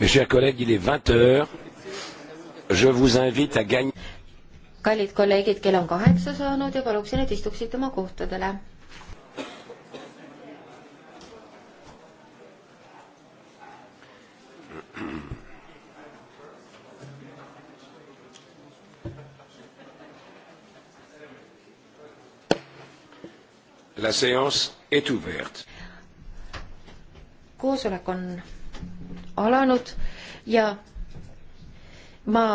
Mes chers collègues, il est 20 heures. Je vous invite à gagner. kallid kolleegid, kell on kaheksa saanud ja paluksin, et istuksite oma kohtadele. La séance est ouverte. koosolek on alanud ja ma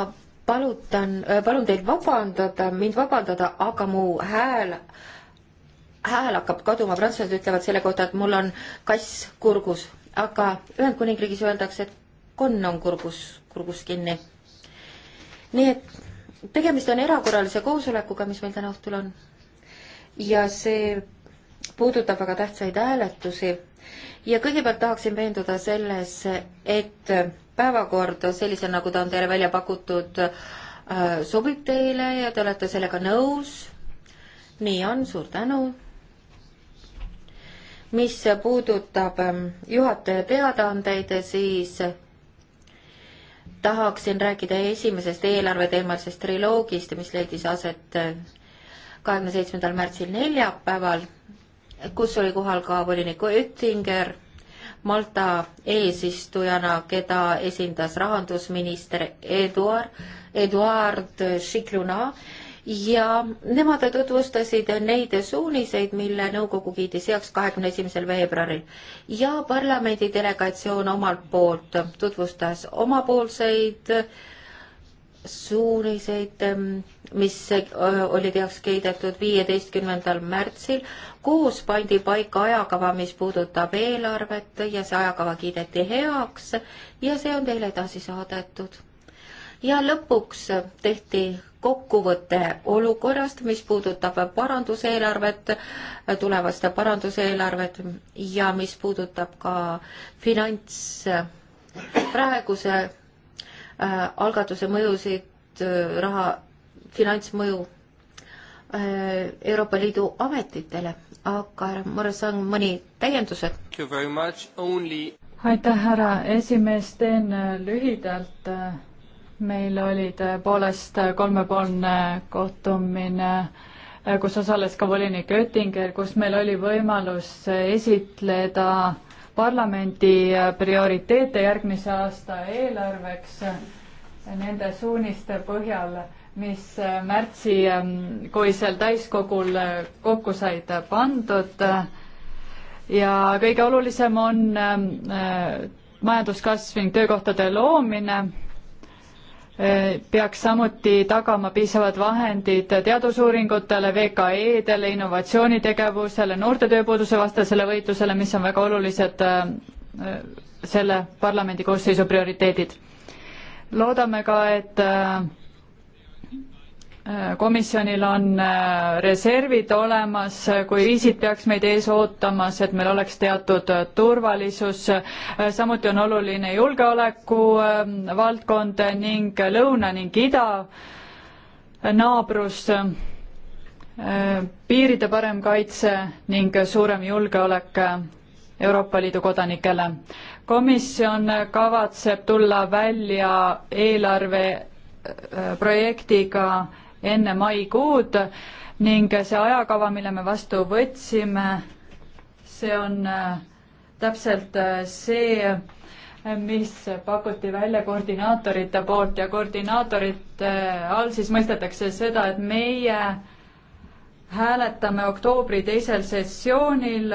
palutan, palun teid vabandada, mind vabandada, aga mu hääl, hääl hakkab kaduma, prantslased ütlevad selle kohta, et mul on kass kurgus, aga Ühendkuningriigis öeldakse, et konn on kurgus, kurgus kinni. nii et tegemist on erakorralise koosolekuga, mis meil täna õhtul on. ja see puudutab väga tähtsaid hääletusi ja kõigepealt tahaksin veenduda selles, et päevakord sellisel, nagu ta on teile välja pakutud, äh, sobib teile ja te olete sellega nõus. nii on, suur tänu. mis puudutab ähm, juhataja teadaandeid, siis tahaksin rääkida esimesest eelarveteemalisest triloogist, mis leidis aset äh, kahekümne seitsmendal märtsil neljapäeval, kus oli kohal ka volinik Oettinger Malta eesistujana, keda esindas rahandusminister Eduard, Eduard Šikluna ja nemad tutvustasid neid suuniseid, mille nõukogu kiitis heaks kahekümne esimesel veebruaril. ja parlamendi delegatsioon omalt poolt tutvustas omapoolseid äh, suuniseid, ähm, mis äh, olid heaks kiidetud viieteistkümnendal märtsil, koos pandi paika ajakava, mis puudutab eelarvet ja see ajakava kiideti heaks ja see on teile edasi saadetud. ja lõpuks tehti kokkuvõte olukorrast, mis puudutab paranduseelarvet, tulevast paranduseelarvet ja mis puudutab ka finants praeguse Äh, algatuse mõjusid, äh, raha, finantsmõju äh, Euroopa Liidu ametitele, aga härra Morrison, mõni täiendused? Only... aitäh, härra esimees, teen lühidalt. meil oli tõepoolest kolmepoolne kohtumine kus osales ka volinik Oettinger, kus meil oli võimalus esitleda parlamendi äh, prioriteete järgmise aasta eelarveks äh, nende suuniste põhjal, mis äh, märtsikuisel ähm, täiskogul kokku said pandud. ja kõige olulisem on ähm, majanduskasv ning töökohtade loomine peaks samuti tagama piisavad vahendid teadusuuringutele, VKE-dele, innovatsioonitegevusele, noorte tööpuuduse vastasele võitlusele, mis on väga olulised äh, selle parlamendi koosseisu prioriteedid. loodame ka, et äh, komisjonil on äh, reservid olemas, kui kriisid peaks meid ees ootamas, et meil oleks teatud äh, turvalisus. Äh, samuti on oluline julgeoleku ähm, valdkond ning lõuna ning ida naabrus, piiride parem kaitse ning suurem julgeolek Euroopa Liidu kodanikele. komisjon kavatseb tulla välja eelarve projektiga enne maikuud ning see ajakava, mille me vastu võtsime, see on äh, täpselt äh, see, äh, mis pakuti välja koordinaatorite poolt ja koordinaatorite all siis mõistetakse seda, et meie hääletame oktoobri teisel sessioonil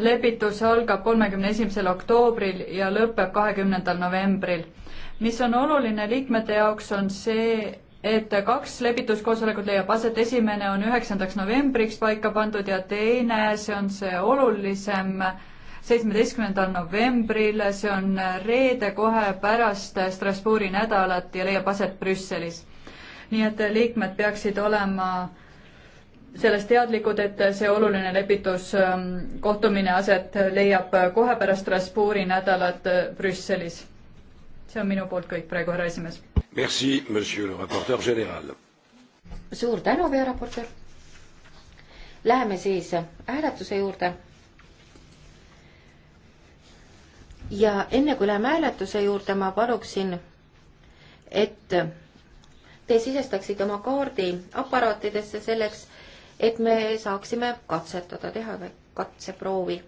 lepitus algab kolmekümne esimesel oktoobril ja lõpeb kahekümnendal novembril. mis on oluline liikmete jaoks, on see, et kaks lepituskoosolekut leiab aset, esimene on üheksandaks novembriks paika pandud ja teine, see on see olulisem, seitsmeteistkümnendal novembril, see on reede kohe pärast Strasbourgi nädalat ja leiab aset Brüsselis. nii et liikmed peaksid olema sellest teadlikud, et see oluline lepituskohtumine ähm, aset leiab kohe pärast Strasbourgi nädalat Brüsselis. see on minu poolt kõik praegu, härra esimees Merci, monsieur le raporteur général. suur tänu, pearaportöör. Läheme siis hääletuse juurde. ja enne kui läheme hääletuse juurde, ma paluksin, et te sisestaksite oma kaardi aparaatidesse selleks, et me saaksime katsetada, teha katseproovi.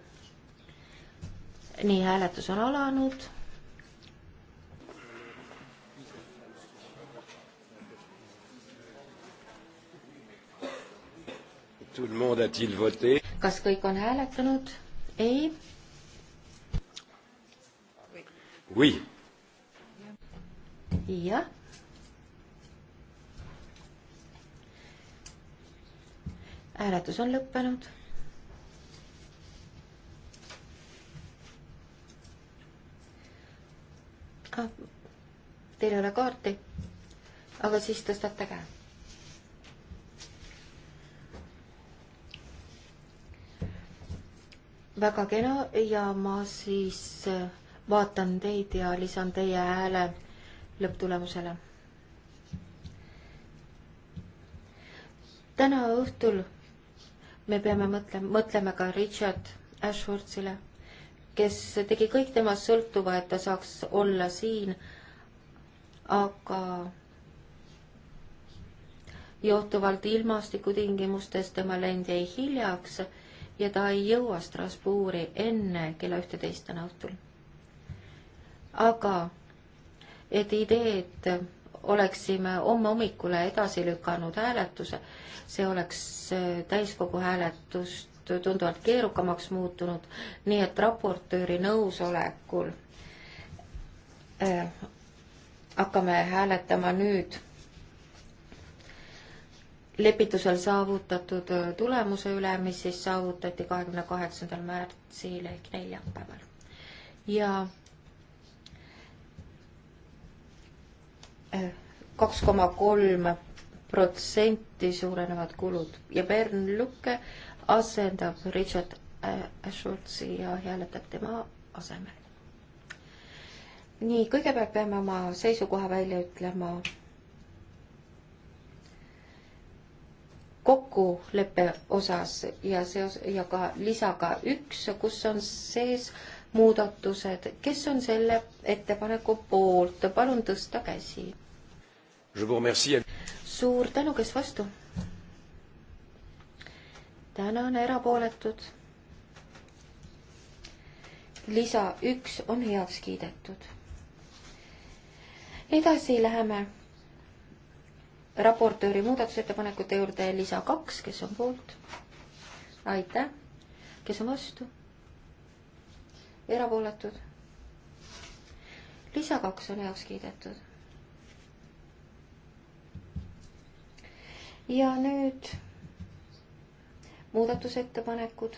nii, hääletus on alanud kas kõik on hääletanud? ei. jah. hääletus on lõppenud ah,. Teil ei ole kaarti? aga siis tõstate käe väga kena ja ma siis äh, vaatan teid ja lisan teie hääle lõpptulemusele. täna õhtul me peame mõtlema, mõtleme ka Richard Ashworthile, kes tegi kõik temast sõltuva, et ta saaks olla siin, aga johtuvalt ilmastikutingimustest tema lend jäi hiljaks ja ta ei jõua Strasbourgi enne kella ühteteist täna õhtul. aga et idee, et oleksime homme hommikule edasi lükanud hääletuse, see oleks äh, täiskogu hääletust tunduvalt keerukamaks muutunud, nii et raportööri nõusolekul äh, hakkame hääletama nüüd lepitusel saavutatud äh, tulemuse üle, mis siis saavutati kahekümne kaheksandal märtsil ehk neljapäeval. ja äh, kaks koma kolm protsenti suurenevad kulud ja Bern Lukke asendab Richard Ashworthi äh, ja hääletab tema asemel. nii, kõigepealt peame oma seisukoha välja ütlema kokkuleppe osas ja seos ja ka lisaga üks, kus on sees muudatused, kes on selle ettepaneku poolt, palun tõsta käsi. suur tänu, kes vastu? tänan, erapooletud. lisa üks on heaks kiidetud. edasi läheme raportööri muudatusettepanekute juurde lisa kaks, kes on poolt? aitäh. kes on vastu? erapooletud? lisa kaks on heaks kiidetud. ja nüüd muudatusettepanekud.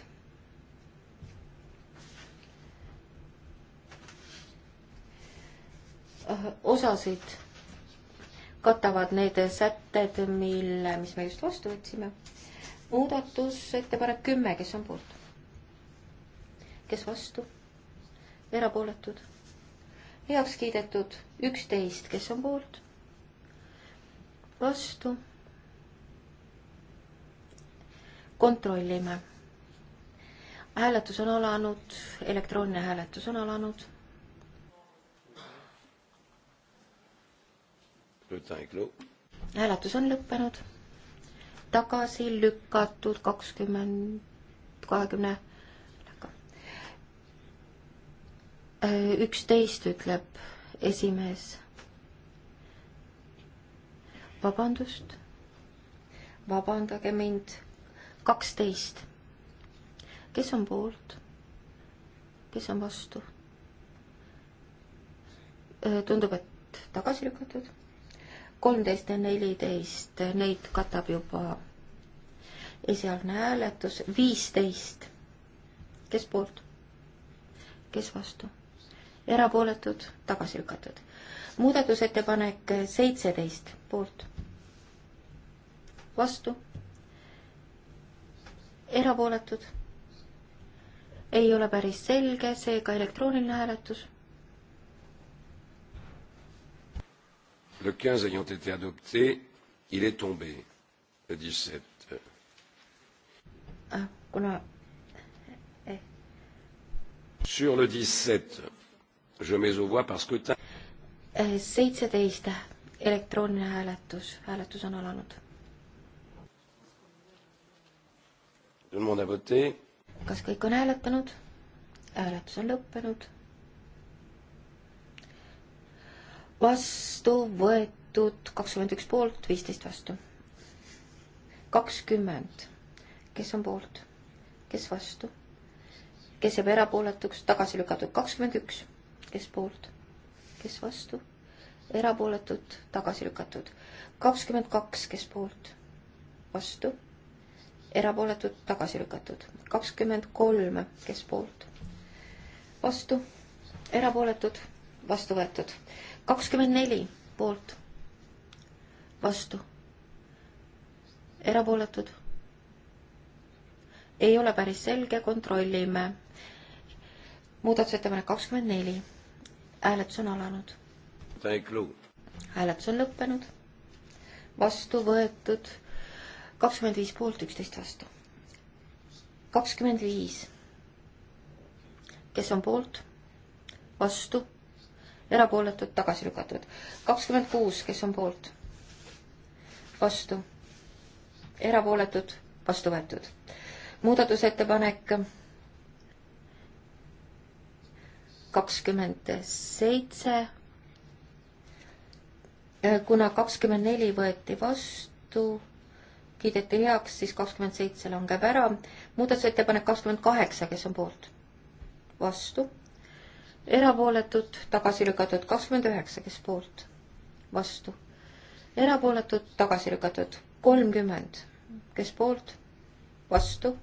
osasid katavad need sätted, mille, mis me just vastu võtsime. muudatusettepanek kümme, kes on poolt? kes vastu? erapooletud? heaks kiidetud üksteist, kes on poolt? vastu. kontrollime. hääletus on alanud, elektrooniline hääletus on alanud hääletus on lõppenud. tagasi lükatud kakskümmend, kahekümne, üksteist ütleb esimees. vabandust, vabandage mind, kaksteist. kes on poolt? kes on vastu? tundub, et tagasi lükatud kolmteist ja neliteist, neid katab juba esialgne hääletus, viisteist. kes poolt? kes vastu? erapooletud, tagasi lükatud. muudatusettepanek seitseteist, poolt. vastu. erapooletud. ei ole päris selge, seega elektrooniline hääletus le quinze ayant été adopté, il est tombé, le dix sept. Ah, eh. Sur le dix sept, je mets aux voix par scrutin. Eh, seitseteist, elektrooniline hääletus, hääletus on alanud. kas kõik on hääletanud? hääletus on lõppenud vastu võetud kakskümmend üks poolt, viisteist vastu. kakskümmend, kes on poolt, kes vastu, kes jääb erapooletuks, tagasi lükatud kakskümmend üks, kes poolt, kes vastu, erapooletud, tagasi lükatud kakskümmend kaks, kes poolt, vastu, erapooletud, tagasi lükatud kakskümmend kolm, kes poolt, vastu, erapooletud, vastu võetud kakskümmend neli poolt, vastu, erapooletud. ei ole päris selge, kontrollime. muudatusettepanek kakskümmend neli, hääletus on alanud. hääletus on lõppenud, vastu võetud kakskümmend viis poolt, üksteist vastu. kakskümmend viis, kes on poolt, vastu erapooletud, tagasi lükatud. kakskümmend kuus, kes on poolt? vastu, erapooletud, vastu võetud. muudatusettepanek kakskümmend seitse, äh, kuna kakskümmend neli võeti vastu, kiideti heaks, siis kakskümmend seitse langeb ära. muudatusettepanek kakskümmend kaheksa, kes on poolt? vastu erapooletud, tagasi lükatud kakskümmend üheksa, kes poolt, vastu, erapooletud, tagasi lükatud kolmkümmend, kes poolt, vastu,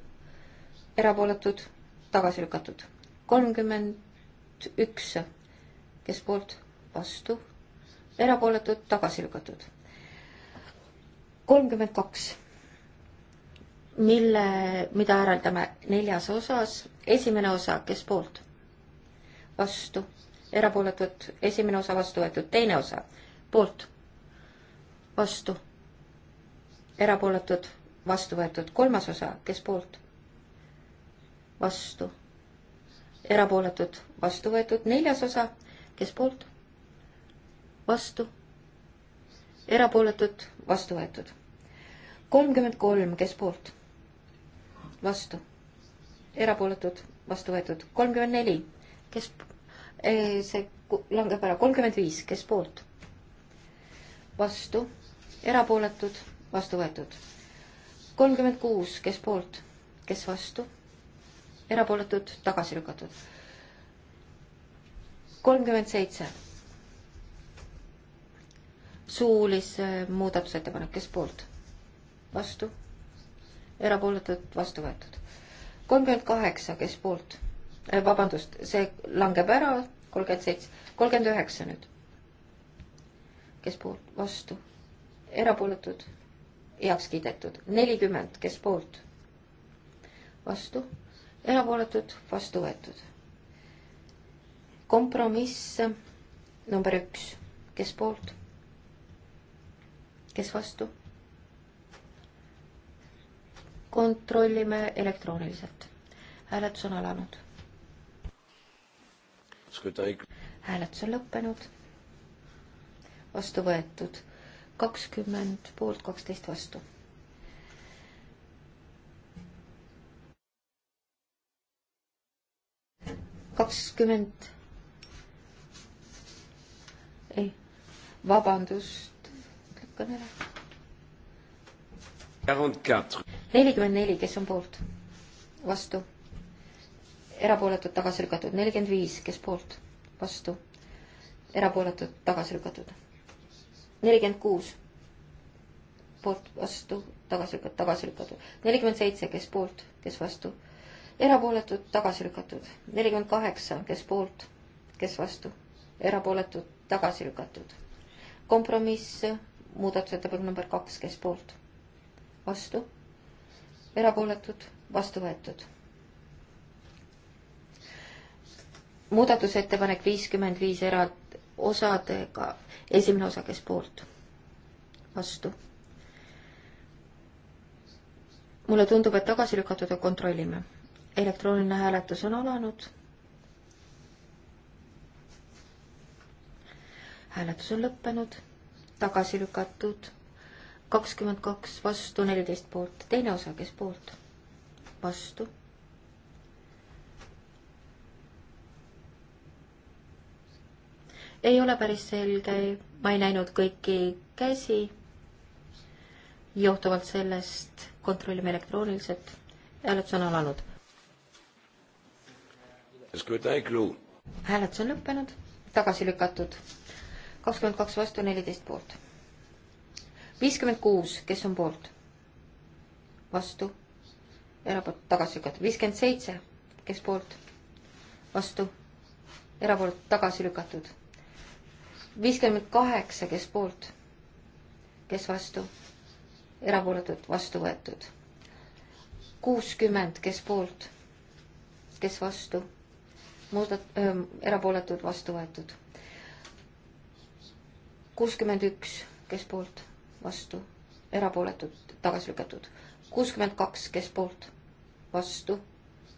erapooletud, tagasi lükatud kolmkümmend üks, kes poolt, vastu, erapooletud, tagasi lükatud kolmkümmend kaks, mille, mida hääldame neljas osas, esimene osa, kes poolt vastu, erapooletud, esimene osa vastu võetud, teine osa poolt, vastu, erapooletud, vastu võetud, kolmas osa, kes poolt, vastu, erapooletud, vastu võetud, neljas osa, kes poolt, vastu, erapooletud, vastu võetud, kolmkümmend kolm, kes poolt, vastu, erapooletud, vastu võetud, kolmkümmend neli kes, eh, see langeb ära, kolmkümmend viis, kes poolt? vastu, erapooletud, vastu võetud. kolmkümmend kuus, kes poolt, kes vastu, erapooletud, tagasi lükatud. kolmkümmend seitse suulise muudatusettepanek, kes poolt? vastu? erapooletult vastu võetud. kolmkümmend kaheksa, kes poolt? Äh, vabandust, see langeb ära, kolmkümmend seitse, kolmkümmend üheksa nüüd. kes poolt, vastu, erapooletud, heaks kiidetud, nelikümmend, kes poolt, vastu, erapooletud, vastu võetud. kompromiss number üks, kes poolt, kes vastu? kontrollime elektrooniliselt hääletus on alanud hääletus on lõppenud. vastu võetud kakskümmend poolt, kaksteist vastu. kakskümmend 20 ei, vabandust, lükkan ära. nelikümmend neli, kes on poolt? vastu? erapooletud, tagasi lükatud, nelikümmend viis, kes poolt, vastu, erapooletud, tagasi lükatud, nelikümmend kuus, poolt, vastu, tagasi lükatud, tagasi lükatud, nelikümmend seitse, kes poolt, kes vastu, erapooletud, tagasi lükatud, nelikümmend kaheksa, kes poolt, kes vastu, erapooletud, tagasi lükatud, kompromiss, muudatusettepanek number kaks, kes poolt, vastu, erapooletud, vastu võetud muudatusettepanek viiskümmend viis eraldi osadega, esimene osa, kes poolt, vastu. mulle tundub, et tagasi lükatud, aga kontrollime. elektrooniline hääletus on alanud. hääletus on lõppenud, tagasi lükatud, kakskümmend kaks vastu, neliteist poolt, teine osa, kes poolt, vastu ei ole päris selge, ma ei näinud kõiki käsi. johtuvalt sellest kontrollime elektrooniliselt, hääletus on alanud. hääletus on lõppenud, tagasi lükatud, kakskümmend kaks vastu, neliteist poolt. viiskümmend kuus, kes on poolt? vastu, erapoolt tagasi lükatud, viiskümmend seitse, kes poolt? vastu, erapoolt tagasi lükatud viiskümmend kaheksa, kes poolt, kes vastu, erapooletud, vastu võetud. kuuskümmend, kes poolt, kes vastu, muudat-, erapooletud, vastu võetud. kuuskümmend üks, kes poolt, vastu, erapooletud, tagasi lükatud. kuuskümmend kaks, kes poolt, vastu,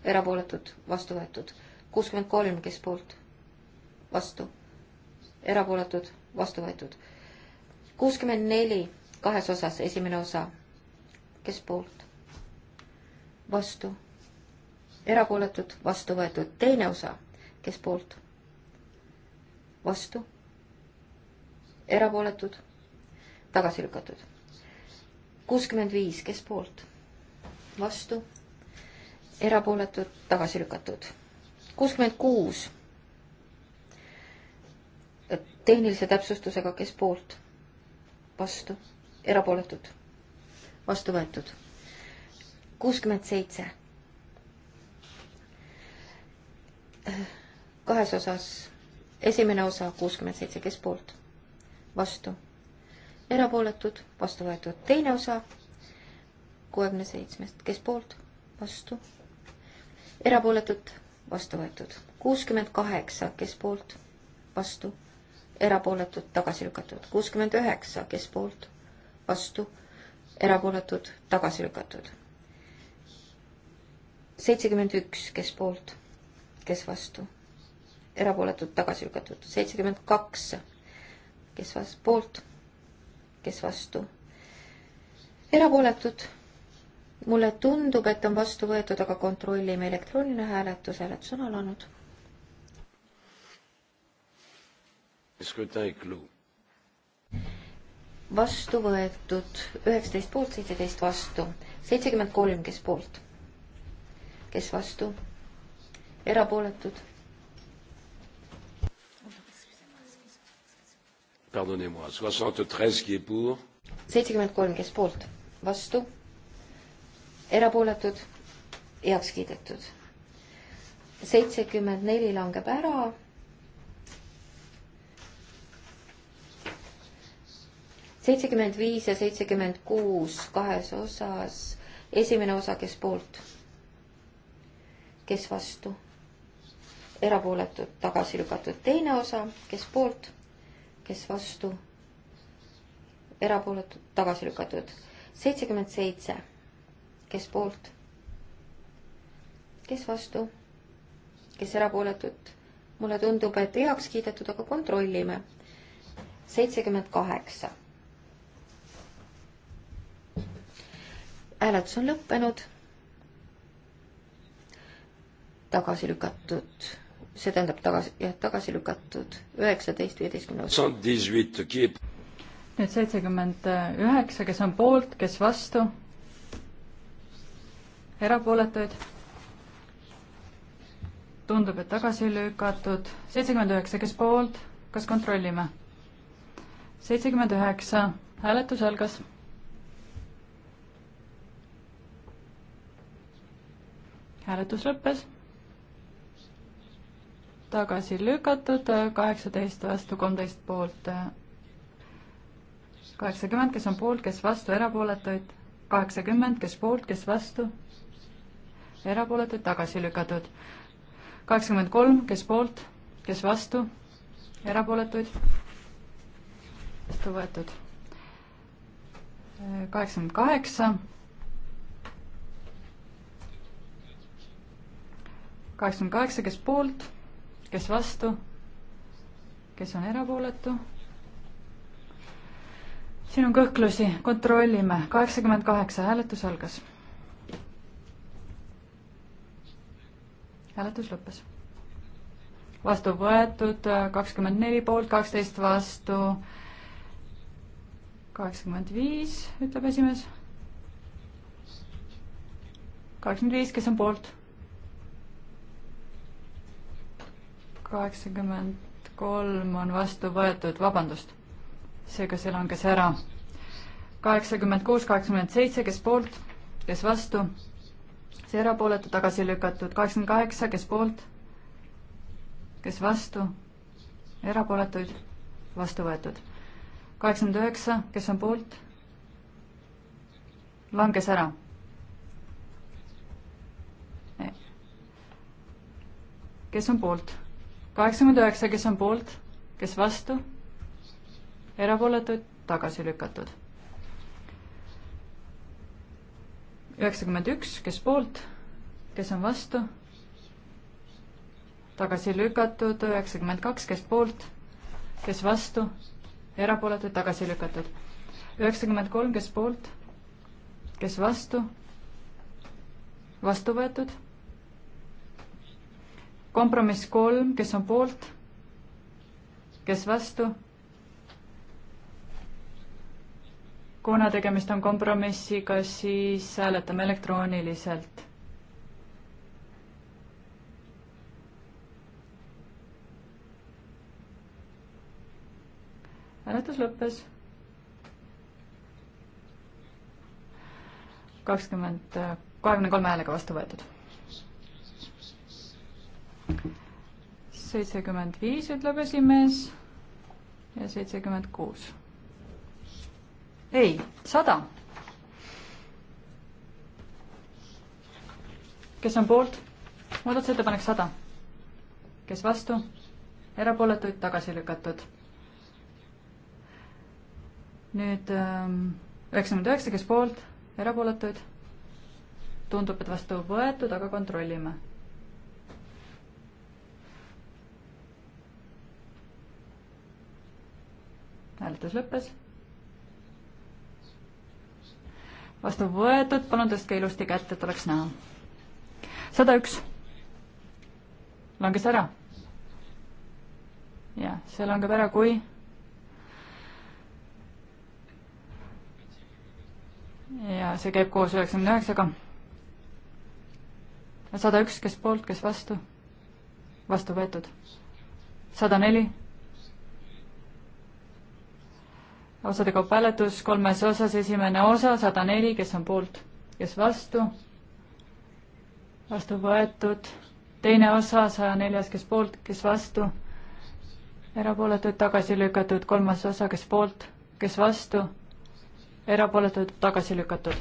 erapooletud, vastu võetud. kuuskümmend kolm, kes poolt, vastu erapooletud, vastu võetud. kuuskümmend neli kahes osas, esimene osa, kes poolt? vastu, erapooletud, vastu võetud, teine osa, kes poolt? vastu, erapooletud, tagasi lükatud. kuuskümmend viis, kes poolt? vastu, erapooletud, tagasi lükatud. kuuskümmend kuus tehnilise täpsustusega, kes poolt, vastu, erapooletud, vastu võetud. kuuskümmend seitse. kahes osas, esimene osa kuuskümmend seitse, kes poolt, vastu, erapooletud, vastu võetud, teine osa kuuekümne seitsmest, kes poolt, vastu, erapooletud, vastu võetud, kuuskümmend kaheksa, kes poolt, vastu erapooletud, tagasi lükatud. kuuskümmend üheksa, kes poolt, vastu, erapooletud, tagasi lükatud. seitsekümmend üks, kes poolt, kes vastu, erapooletud, tagasi lükatud. seitsekümmend kaks, kes vas-, poolt, kes vastu, erapooletud mulle tundub, et on vastu võetud, aga kontrollime elektrooniline hääletus, hääletus on alanud vastu võetud üheksateist poolt, seitseteist vastu, seitsekümmend kolm, kes poolt, kes vastu, erapooletud. seitsekümmend kolm, kes poolt, vastu, erapooletud, heaks kiidetud. seitsekümmend neli langeb ära seitsekümmend viis ja seitsekümmend kuus kahes osas. esimene osa, kes poolt? kes vastu? erapooletud, tagasi lükatud. teine osa, kes poolt? kes vastu? erapooletud, tagasi lükatud. seitsekümmend seitse, kes poolt? kes vastu? kes erapooletud? mulle tundub, et heaks kiidetud, aga kontrollime. seitsekümmend kaheksa hääletus on lõppenud. tagasi lükatud, see tähendab tagasi, jah, tagasi lükatud üheksateist, viieteistkümne. nüüd seitsekümmend üheksa, kes on poolt, kes vastu? erapooletuid? tundub, et tagasi lükatud. seitsekümmend üheksa, kes poolt, kas kontrollime? seitsekümmend üheksa, hääletus algas hääletus lõppes. tagasi lükatud, äh, kaheksateist vastu, kolmteist poolt. Äh, kaheksakümmend, kes on poolt, kes vastu, erapooletuid. kaheksakümmend, kes poolt, kes vastu, erapooletuid tagasi lükatud. kaheksakümmend kolm, kes poolt, kes vastu, erapooletuid, vastu võetud. Äh, kaheksakümmend kaheksa kaheksakümmend kaheksa, kes poolt, kes vastu, kes on erapooletu. siin on kõhklusi, kontrollime, kaheksakümmend kaheksa, hääletus algas. hääletus lõppes. vastu võetud kakskümmend neli poolt, kaksteist vastu, kaheksakümmend viis, ütleb esimees. kaheksakümmend viis, kes on poolt kaheksakümmend kolm on vastu võetud, vabandust, seega see langes ära. kaheksakümmend kuus, kaheksakümmend seitse, kes poolt, kes vastu, see erapooletu tagasi lükatud, kaheksakümmend kaheksa, kes poolt, kes vastu, erapooletuid, vastu võetud. kaheksakümmend üheksa, kes on poolt, langes ära kes on poolt? kaheksakümmend üheksa, kes on poolt, kes vastu, erapooletuid tagasi lükatud. üheksakümmend üks, kes poolt, kes on vastu, tagasi lükatud, üheksakümmend kaks, kes poolt, kes vastu, erapooletuid tagasi lükatud. üheksakümmend kolm, kes poolt, kes vastu, vastu võetud kompromiss kolm, kes on poolt, kes vastu? kuna tegemist on kompromissiga, siis hääletame elektrooniliselt. hääletus lõppes. kakskümmend, kahekümne kolme häälega vastu võetud seitsekümmend viis, ütleb esimees ja seitsekümmend kuus. ei, sada. kes on poolt? muudatusettepanek sada. kes vastu? erapooletuid tagasi lükatud. nüüd ähm, üheksakümmend üheksa, kes poolt? erapooletuid? tundub, et vastu võetud, aga kontrollime hääletus lõppes. vastu võetud, palun tõstke ilusti kätt, et oleks näha. sada üks. langes ära. jah, see langeb ära, kui ja see käib koos üheksakümne üheksaga. sada üks, kes poolt, kes vastu? vastu võetud. sada neli osade kaupa hääletus kolmes osas, esimene osa sada neli, kes on poolt, kes vastu, vastu võetud, teine osa saja neljas, kes poolt, kes vastu, erapooletud, tagasi lükatud, kolmas osa, kes poolt, kes vastu, erapooletud, tagasi lükatud.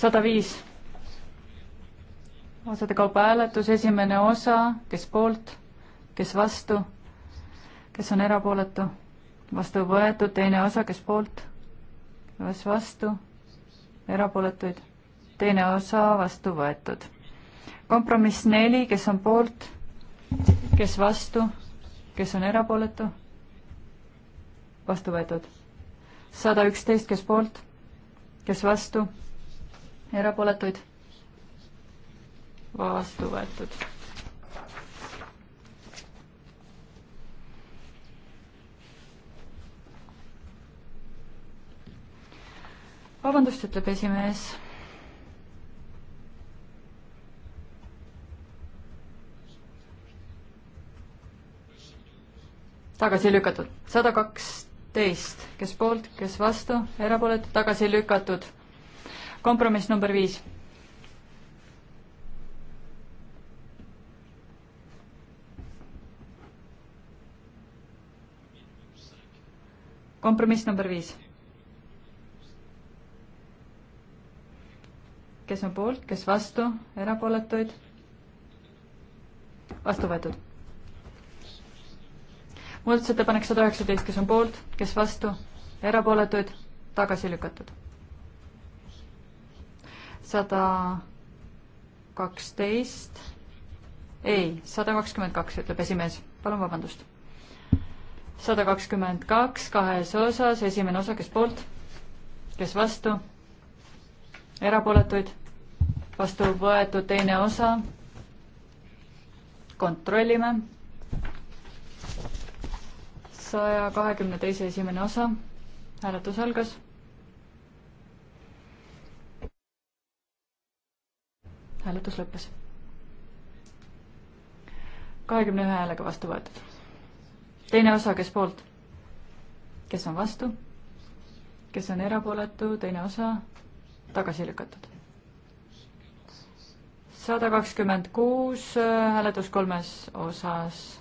sada viis osade kaupa hääletus, esimene osa, kes poolt, kes vastu, kes on erapooletu vastu võetud, teine osa, kes poolt, kas vastu, erapooletuid, teine osa vastu võetud. kompromiss neli, kes on poolt, kes vastu, kes on erapooletu, vastu võetud. sada üksteist, kes poolt, kes vastu, erapooletuid, vastu võetud vabandust, ütleb esimees. tagasi lükatud, sada kaksteist, kes poolt, kes vastu, erapooletud, tagasi lükatud. kompromiss number viis. kompromiss number viis kes on poolt, kes vastu, erapooletuid? vastu võetud. muudatusettepanek sada üheksateist, kes on poolt, kes vastu, erapooletuid, tagasi lükatud. sada kaksteist, ei, sada kakskümmend kaks, ütleb esimees, palun vabandust sada kakskümmend kaks kahes osas, esimene osa, kes poolt, kes vastu, erapooletuid, vastu võetud teine osa, kontrollime, saja kahekümne teise esimene osa, hääletus algas. hääletus lõppes. kahekümne ühe häälega vastu võetud. teine osa, kes poolt? kes on vastu? kes on erapooletu, teine osa tagasi lükatud. sada kakskümmend kuus hääletus kolmes osas.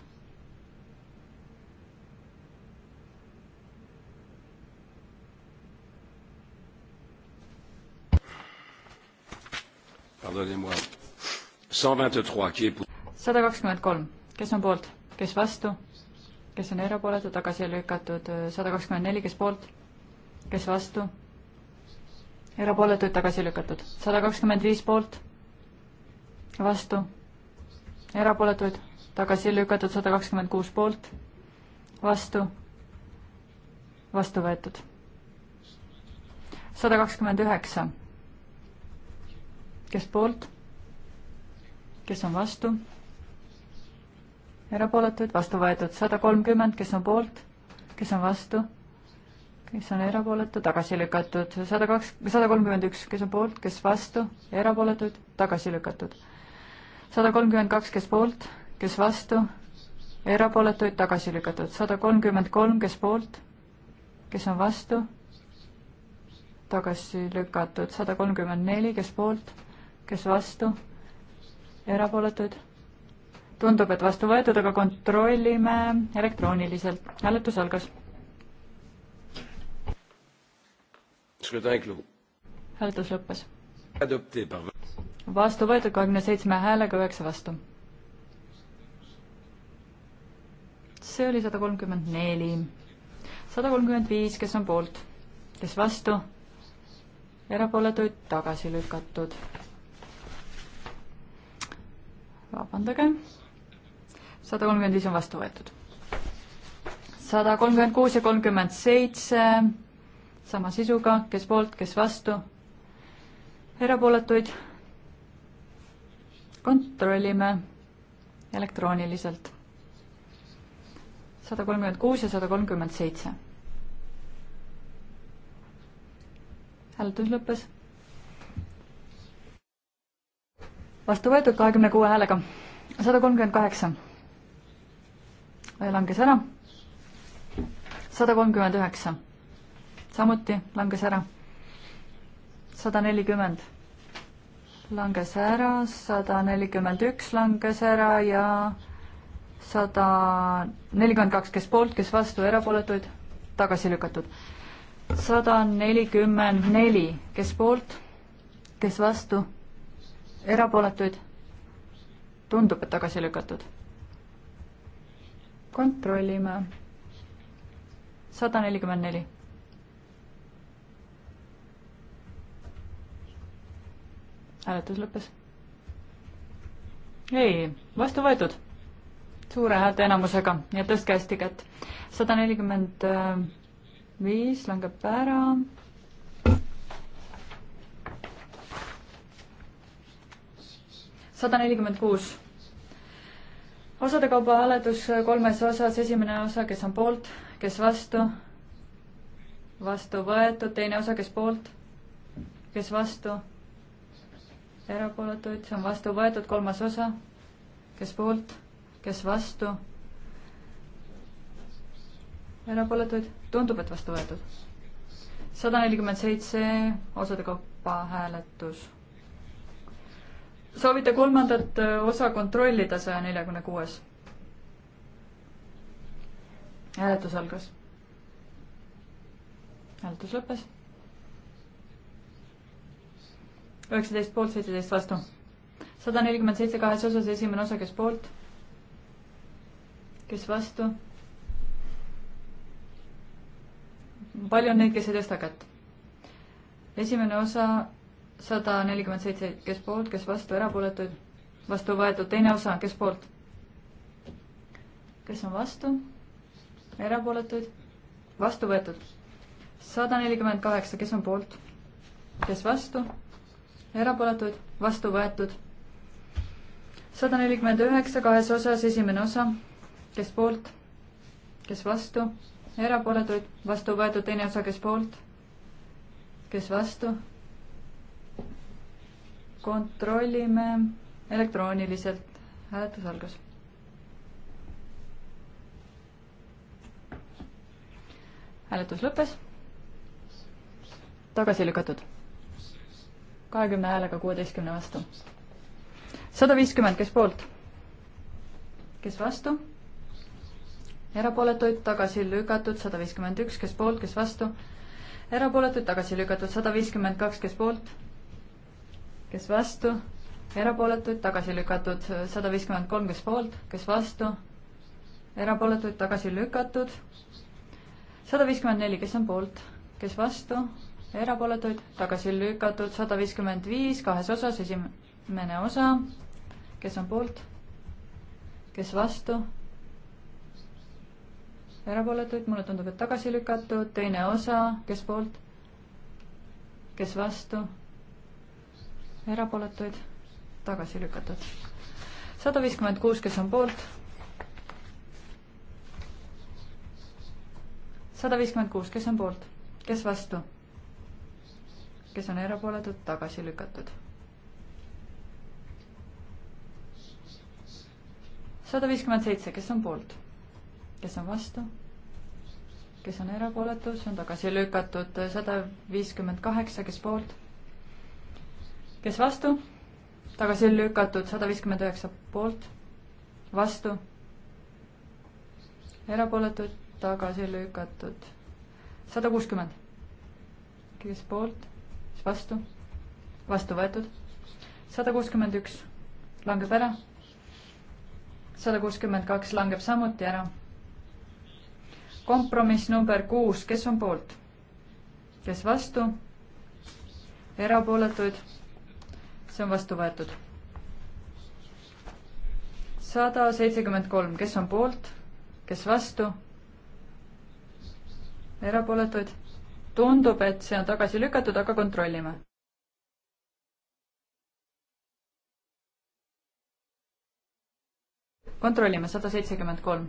sada kakskümmend kolm, kes on poolt, kes vastu, kes on erapooletu, tagasi lükatud, sada kakskümmend neli, kes poolt, kes vastu erapooletuid tagasi lükatud. sada kakskümmend viis poolt, vastu, erapooletuid tagasi lükatud, sada kakskümmend kuus poolt, vastu, vastu võetud. sada kakskümmend üheksa. kes poolt? kes on vastu? erapooletuid, vastu võetud sada kolmkümmend, kes on poolt, kes on vastu kes on erapooletu, tagasi lükatud, sada kaks, sada kolmkümmend üks, kes on poolt, kes vastu, erapooletud, tagasi lükatud. sada kolmkümmend kaks, kes poolt, kes vastu, erapooletuid tagasi lükatud, sada kolmkümmend kolm, kes poolt, kes on vastu, tagasi lükatud, sada kolmkümmend neli, kes poolt, kes vastu, erapooletuid. tundub, et vastu võetud, aga kontrollime elektrooniliselt. hääletus algas hääletus lõppes. vastu võetud kahekümne seitsme häälega, üheksa vastu. see oli sada kolmkümmend neli. sada kolmkümmend viis, kes on poolt, kes vastu, erapooletuid tagasi lükatud. vabandage, sada kolmkümmend viis on vastu võetud sada kolmkümmend kuus ja kolmkümmend seitse sama sisuga, kes poolt, kes vastu, erapooletuid kontrollime elektrooniliselt. sada kolmkümmend kuus ja sada kolmkümmend seitse. hääletus lõppes. vastu võetud kahekümne kuue häälega, sada kolmkümmend kaheksa. langes ära, sada kolmkümmend üheksa samuti langes ära. sada nelikümmend langes ära, sada nelikümmend üks langes ära ja sada nelikümmend kaks, kes poolt, kes vastu, erapooletuid, tagasi lükatud. sada nelikümmend neli, kes poolt, kes vastu, erapooletuid, tundub, et tagasi lükatud. kontrollime. sada nelikümmend neli hääletus lõppes. ei, vastu võetud suure häälteenamusega ja tõstke hästi kätt. sada nelikümmend viis langeb ära. sada nelikümmend kuus. osade kaupa hääletus kolmes osas, esimene osa, kes on poolt, kes vastu, vastu võetud, teine osa, kes poolt, kes vastu erapooletuid, see on vastu võetud, kolmas osa, kes poolt, kes vastu, erapooletuid, tundub, et vastu võetud. sada nelikümmend seitse osade kaupa hääletus. soovite kolmandat äh, osa kontrollida saja neljakümne kuues? hääletus algas. hääletus lõppes üheksateist poolt, seitseteist vastu. sada nelikümmend seitse kahes osas, esimene osa, kes poolt, kes vastu. palju on neid, kes ei tõsta kätt? esimene osa sada nelikümmend seitse, kes poolt, kes vastu, erapooletuid, vastu võetud, teine osa, kes poolt? kes on vastu? erapooletuid, vastu võetud. sada nelikümmend kaheksa, kes on poolt? kes vastu? erapooletuid, vastu võetud. sada nelikümmend üheksa kahes osas, esimene osa, kes poolt, kes vastu, erapooletuid, vastu võetud, teine osa, kes poolt, kes vastu. kontrollime elektrooniliselt, hääletus algas. hääletus lõppes, tagasi lükatud kahekümne häälega kuueteistkümne vastu. sada viiskümmend, kes poolt? kes vastu? erapooletuid tagasi lükatud sada viiskümmend üks, kes poolt, kes vastu? erapooletuid tagasi lükatud sada viiskümmend kaks, kes poolt? kes vastu? erapooletuid tagasi lükatud sada viiskümmend kolm, kes poolt, kes vastu? erapooletuid tagasi lükatud sada viiskümmend neli, kes on poolt, kes vastu? erapooletuid, tagasi lükatud sada viiskümmend viis kahes osas, esimene osa, kes on poolt, kes vastu, erapooletuid, mulle tundub, et tagasi lükatud, teine osa, kes poolt, kes vastu, erapooletuid, tagasi lükatud. sada viiskümmend kuus, kes on poolt, sada viiskümmend kuus, kes on poolt, kes vastu kes on erapooletud, tagasi lükatud. sada viiskümmend seitse, kes on poolt, kes on vastu, kes on erapooletu, see on tagasi lükatud, sada viiskümmend kaheksa, kes poolt, kes vastu, tagasi lükatud, sada viiskümmend üheksa poolt, vastu, erapooletud, tagasi lükatud, sada kuuskümmend, kes poolt vastu, vastu võetud. sada kuuskümmend üks langeb ära. sada kuuskümmend kaks langeb samuti ära. kompromiss number kuus, kes on poolt? kes vastu? erapooletuid? see on vastu võetud. sada seitsekümmend kolm, kes on poolt? kes vastu? erapooletuid? tundub, et see on tagasi lükatud, aga kontrollime. kontrollime, sada seitsekümmend kolm.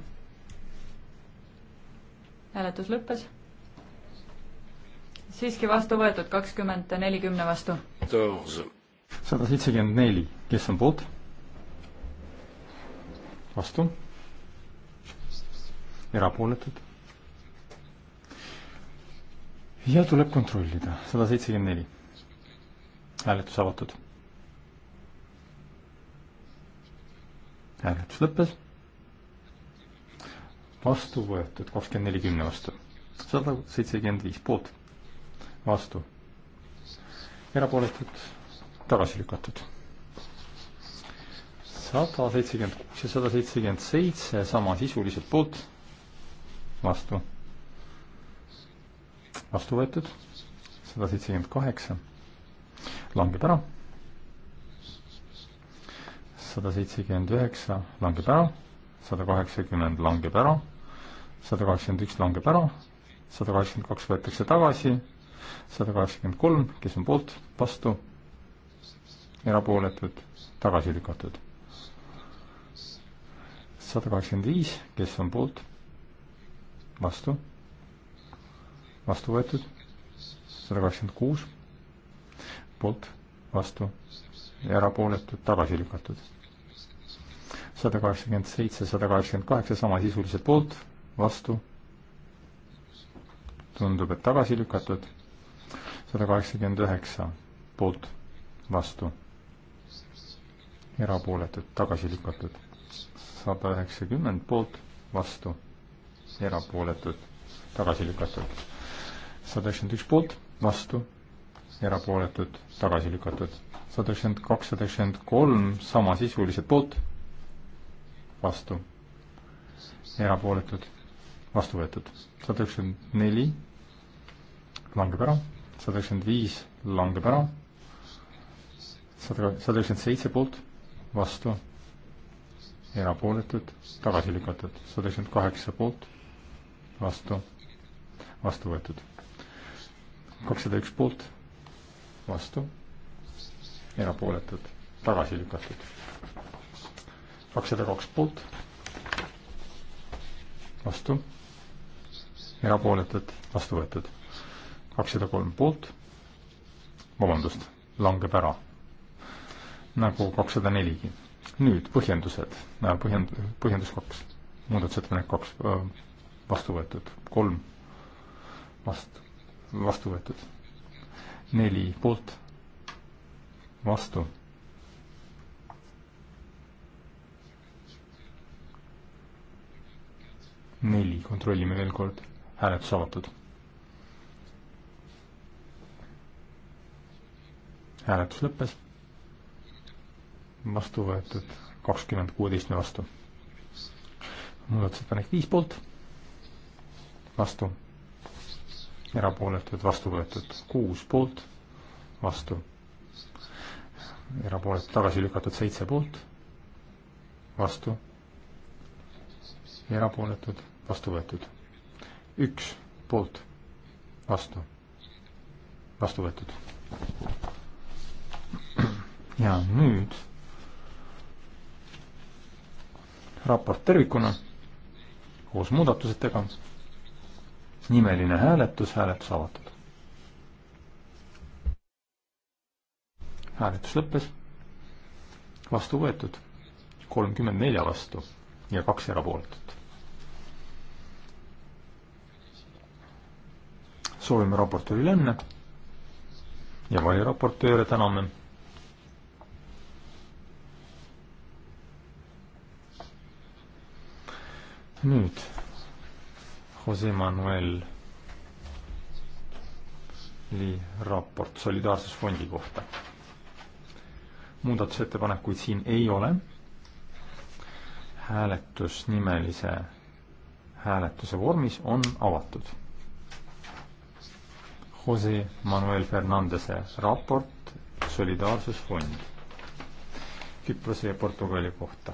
hääletus lõppes. siiski vastu võetud, kakskümmend nelikümne vastu. sada seitsekümmend neli, kes on poolt? vastu? erapooletud ja tuleb kontrollida, sada seitsekümmend neli. hääletus avatud. hääletus lõppes. vastu võetud kakskümmend neli kümne vastu, sada seitsekümmend viis poolt, vastu, erapooletud, tagasi lükatud. sada seitsekümmend kuus ja sada seitsekümmend seitse samasisuliselt poolt, vastu vastu võetud, sada seitsekümmend kaheksa langeb ära, sada seitsekümmend üheksa langeb ära, sada kaheksakümmend langeb ära, sada kaheksakümmend üks langeb ära, sada kaheksakümmend kaks võetakse tagasi, sada kaheksakümmend kolm, kes on poolt, vastu, erapooletud, tagasi lükatud. sada kaheksakümmend viis, kes on poolt, vastu vastu võetud, sada kakskümmend kuus poolt, vastu ja erapooletud, tagasi lükatud. sada kaheksakümmend seitse, sada kaheksakümmend kaheksa samasisulised poolt, vastu, tundub, et tagasi lükatud, sada kaheksakümmend üheksa poolt, vastu, erapooletud, tagasi lükatud, sada üheksakümmend poolt, vastu, erapooletud, tagasi lükatud sada üheksakümmend üks poolt, vastu, erapooletud, tagasi lükatud. sada üheksakümmend kaks, sada üheksakümmend kolm samasisulised poolt, vastu, erapooletud, vastu võetud. sada üheksakümmend neli langeb ära, sada üheksakümmend viis langeb ära, sada, sada üheksakümmend seitse poolt, vastu, erapooletud, tagasi lükatud, sada üheksakümmend kaheksa poolt, vastu, vastu võetud kakssada üks poolt, vastu, erapooletud, tagasi lükatud. kakssada kaks poolt, vastu, erapooletud, vastu võetud. kakssada kolm poolt, vabandust, langeb ära, nagu kakssada neligi. nüüd põhjendused, äh, põhjend-, põhjendus kaks, muudatusettepanek kaks, äh, vastu võetud, kolm, vastu vastu võetud. neli poolt, vastu. neli, kontrollime veel kord, hääletus avatud. hääletus lõppes. vastu võetud kakskümmend kuueteistkümne vastu. muudatusettepanek viis poolt, vastu erapooletud, vastu võetud kuus poolt, vastu, erapooletud, tagasi lükatud seitse poolt, vastu, erapooletud, vastu võetud üks poolt, vastu, vastu võetud. ja nüüd raport tervikuna koos muudatustega nimeline hääletus, hääletus avatud. hääletus lõppes, vastu võetud, kolmkümmend nelja vastu ja kaks erapooletut. soovime raportööril õnne ja valiraportööre täname. nüüd Jose Manuel Li raport Solidaarsusfondi kohta. muudatusettepanekuid siin ei ole. hääletus nimelise hääletuse vormis on avatud. Jose Manuel Fernandese raport Solidaarsusfond Küprose ja Portugali kohta.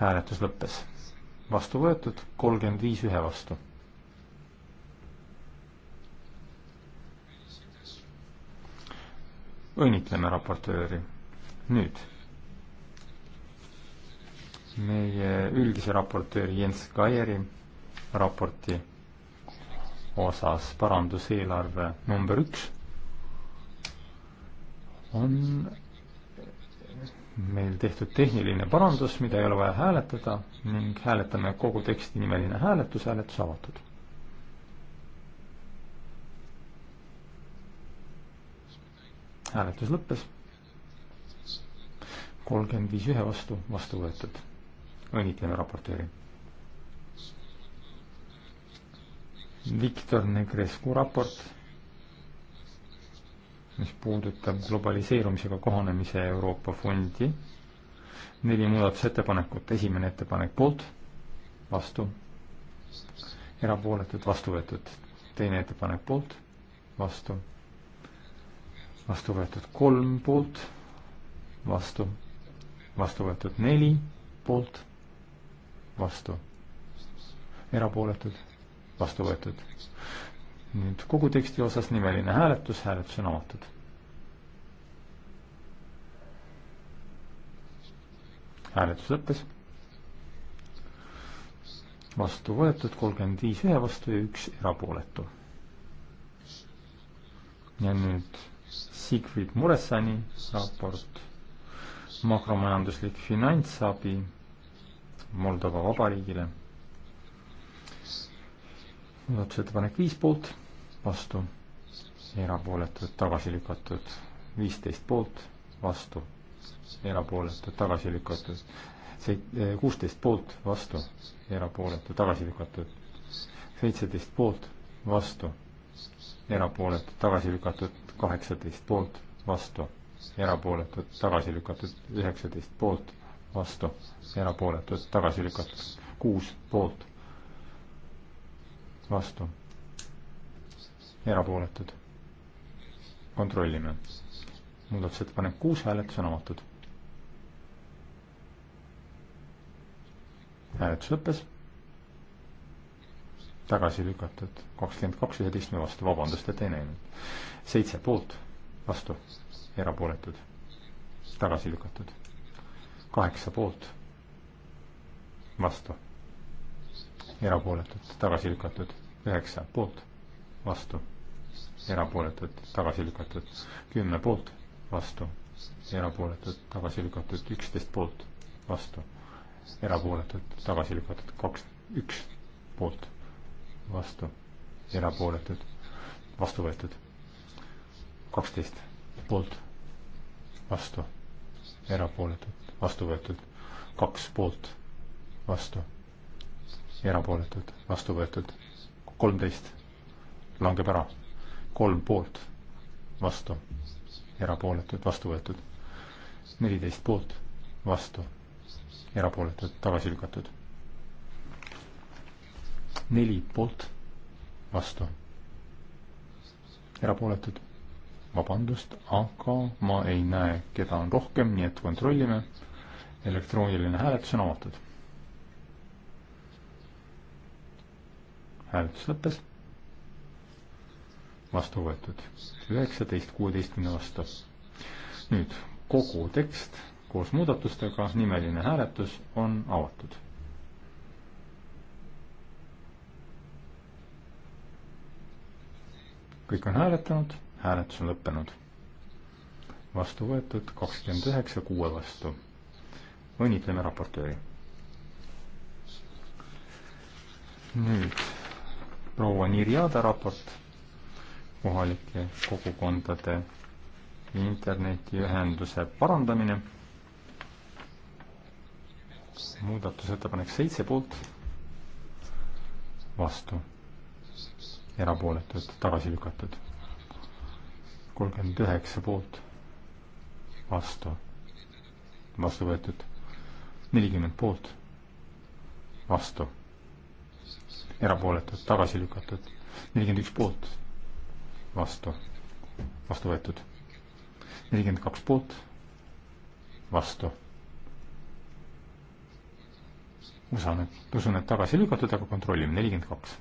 hääletus lõppes vastu võetud, kolmkümmend viis ühe vastu. õnnitleme raportööri. nüüd meie üldise raportööri Jens Kaieri raporti osas paranduseelarve number üks on meil tehtud tehniline parandus, mida ei ole vaja hääletada ning hääletame kogu teksti nimeline hääletus, hääletus avatud. hääletus lõppes. kolmkümmend viis ühe vastu, vastu võetud. õnnitleme raportööri. Viktor Negrescu raport mis puudutab globaliseerumisega kohanemise Euroopa fondi. neli muudatusettepanekut, esimene ettepanek poolt, vastu, erapooletud, vastu võetud. teine ettepanek poolt, vastu, vastu võetud kolm poolt, vastu, vastu võetud neli poolt, vastu, erapooletud, vastu võetud nüüd kogu teksti osas nimeline hääletus, hääletus on avatud. hääletus lõppes. vastu võetud kolmkümmend viis ühe vastu ja üks erapooletu. ja nüüd Sigfrid Muressani raport makromajanduslik finantsabi Moldova Vabariigile. muudatusettepanek viis poolt, vastu, erapooletud, tagasi lükatud, viisteist poolt, vastu erapooletud, tagasi lükatud. see eh, kuusteist poolt, vastu, erapooletu, tagasi lükatud. seitseteist poolt, vastu, erapooletu, tagasi lükatud. kaheksateist poolt, vastu, erapooletud, tagasi lükatud. üheksateist poolt, vastu, erapooletud, tagasi lükatud. kuus poolt, vastu, erapooletud. kontrollime muudatusettepanek kuus, hääletus on avatud. hääletus lõppes. tagasi lükatud kakskümmend kaks üheteistkümne vastu, vabandust, et ei näinud. seitse poolt, vastu, erapooletud, tagasi lükatud. kaheksa poolt, vastu, erapooletud, tagasi lükatud. üheksa poolt, vastu, erapooletud, tagasi lükatud. kümme poolt vastu, erapooletud, tagasi lükatud, üksteist poolt, vastu, erapooletud, tagasi lükatud, kaks, üks poolt, vastu, erapooletud, vastu võetud, kaksteist poolt, vastu, erapooletud, vastu võetud, kaks poolt, vastu, erapooletud, vastu võetud, kolmteist langeb ära, kolm poolt, vastu erapooletud, vastu võetud. neliteist poolt, vastu, erapooletud, tagasi lükatud. neli poolt, vastu, erapooletud. vabandust, aga ma ei näe, keda on rohkem, nii et kontrollime. elektrooniline hääletus on avatud. hääletus lõppes vastu võetud. üheksateist kuueteistkümne vastu. nüüd kogu tekst koos muudatustega, nimeline hääletus on avatud. kõik on hääletanud, hääletus on lõppenud. vastu võetud kakskümmend üheksa kuue vastu. õnnitleme raportööri. nüüd proua Nirjada raport kohalike kogukondade internetiühenduse parandamine. muudatusettepanek seitse poolt, vastu, erapooletud, tagasi lükatud. kolmkümmend üheksa poolt, vastu, vastu võetud. nelikümmend poolt, vastu, erapooletud, tagasi lükatud. nelikümmend üks poolt vastu, vastu võetud. nelikümmend kaks poolt, vastu. usun, et, usun, et tagasi lükatud, aga kontrollime, nelikümmend kaks.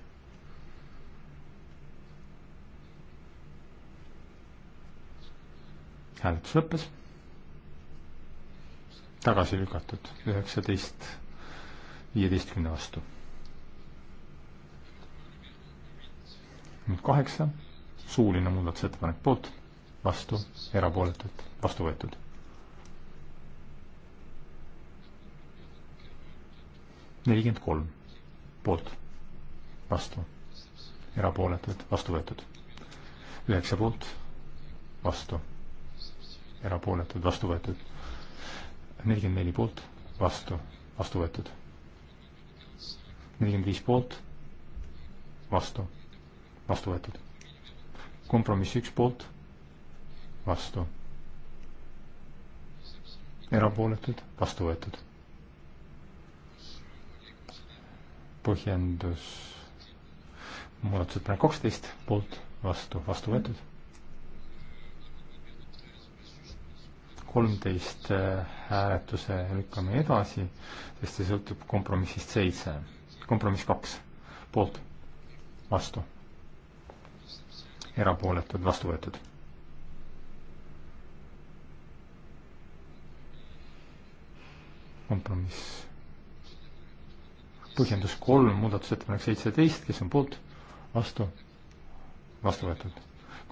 hääletus lõppes. tagasi lükatud, üheksateist viieteistkümne vastu. nüüd kaheksa suuline muudatusettepanek poolt, vastu, erapooletud, vastu võetud. nelikümmend kolm poolt, vastu, erapooletud, vastu võetud. üheksa poolt, vastu, erapooletud, vastu võetud. nelikümmend neli poolt, vastu, vastu võetud. nelikümmend viis poolt, vastu, vastu võetud kompromiss üks poolt, vastu. erapooletud, vastu võetud. põhjendus, muudatusettepanek kaksteist, poolt, vastu, vastu võetud. kolmteist äh, hääletuse lükkame edasi, sest see sõltub kompromissist seitse. kompromiss kaks, poolt, vastu erapooletud, vastu võetud. kompromiss. põhjendus kolm, muudatusettepanek seitseteist, kes on poolt, vastu, vastu võetud.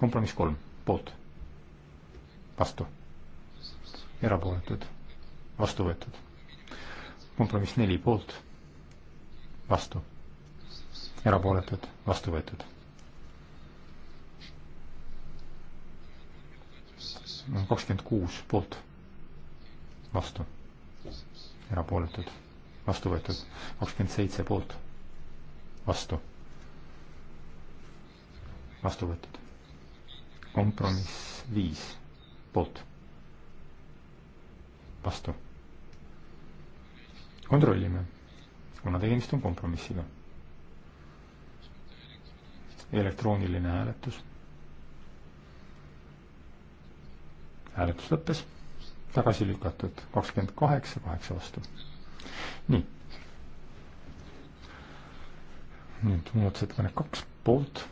kompromiss kolm, poolt, vastu, erapooletud, vastu võetud. kompromiss neli, poolt, vastu, erapooletud, vastu võetud kakskümmend kuus poolt, vastu, erapooletud, vastu võetud, kakskümmend seitse poolt, vastu, vastu võetud, kompromiss viis poolt, vastu. kontrollime, kuna tegemist on kompromissiga. elektrooniline hääletus hääletus lõppes, tagasi lükatud kakskümmend kaheksa, kaheksa vastu. nii. nüüd muudatusettepanek kaks poolt.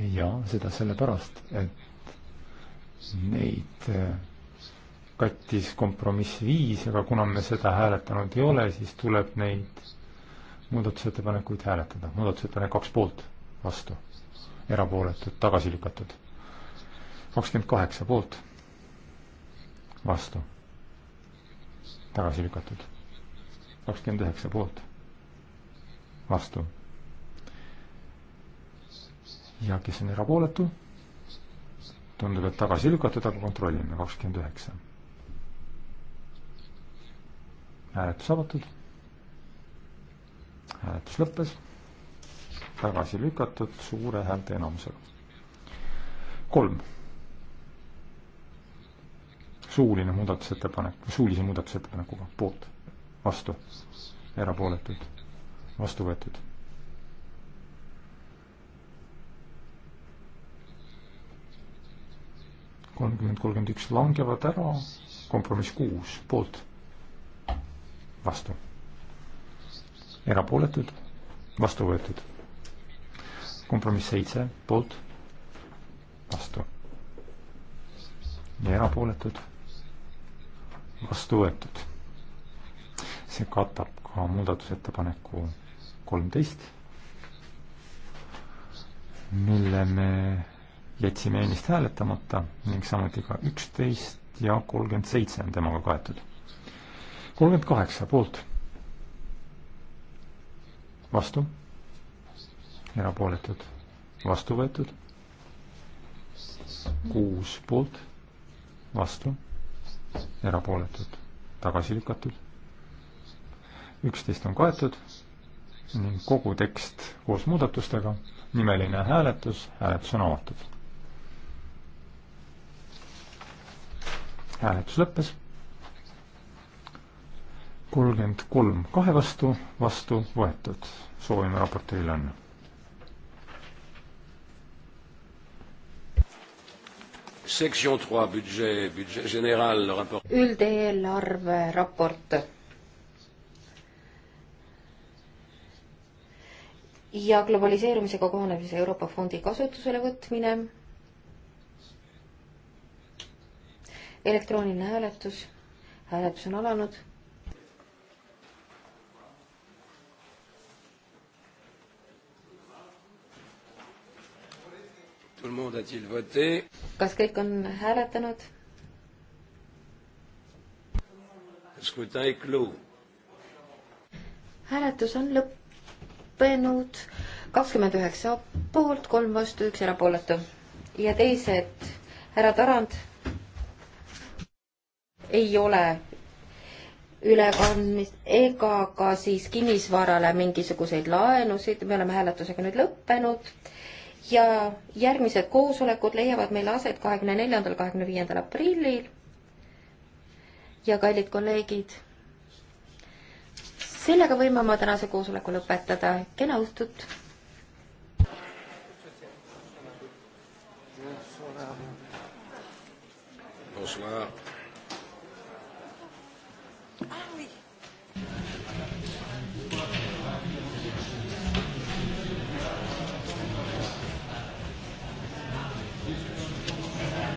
ja seda sellepärast, et neid äh, kattis kompromiss viis, aga kuna me seda hääletanud ei ole, siis tuleb neid muudatusettepanekuid hääletada. muudatusettepanek kaks poolt, vastu, erapooletud, tagasi lükatud kakskümmend kaheksa poolt, vastu, tagasi lükatud. kakskümmend üheksa poolt, vastu. ja kes on erapooletu? tundub, et tagasi lükatud, aga kontrollime, kakskümmend üheksa. hääletus avatud. hääletus lõppes. tagasi lükatud suure häälte enamusega. kolm suuline muudatusettepanek, suulise muudatusettepanekuga, poolt, vastu, erapooletud, vastu võetud. kolmkümmend, kolmkümmend üks langevad ära, kompromiss kuus, poolt, vastu, erapooletud, vastu võetud. kompromiss seitse, poolt, vastu ja erapooletud vastu võetud. see katab ka muudatusettepaneku kolmteist, mille me jätsime ennist hääletamata ning samuti ka üksteist ja kolmkümmend seitse on temaga kaetud. kolmkümmend kaheksa poolt, vastu, erapooletud, vastu võetud, kuus poolt, vastu erapooletud, tagasi lükatud. üksteist on kaetud ning kogu tekst koos muudatustega, nimeline hääletus, hääletus on avatud. hääletus lõppes. kolmkümmend kolm kahe vastu, vastu võetud. soovime raportöörile õnne Section 3, budget, budget général, raport. üldeelarve raport. ja globaliseerumisega kohanemise Euroopa Fondi kasutusele võtmine. elektrooniline hääletus, hääletus on alanud kas kõik on hääletanud? hääletus on lõppenud, kakskümmend üheksa poolt, kolm vastu, üks erapooletu. ja teised, härra Tarand ei ole ülekandmist ega ka siis kinnisvarale mingisuguseid laenusid, me oleme hääletusega nüüd lõppenud ja järgmised koosolekud leiavad meil aset kahekümne neljandal, kahekümne viiendal aprillil. ja kallid kolleegid, sellega võime oma tänase koosoleku lõpetada, kena õhtut! Bonsoir.